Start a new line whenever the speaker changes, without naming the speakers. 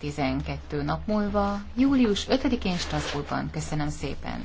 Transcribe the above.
12 nap múlva, július 5-én Strasbourgban. Köszönöm szépen!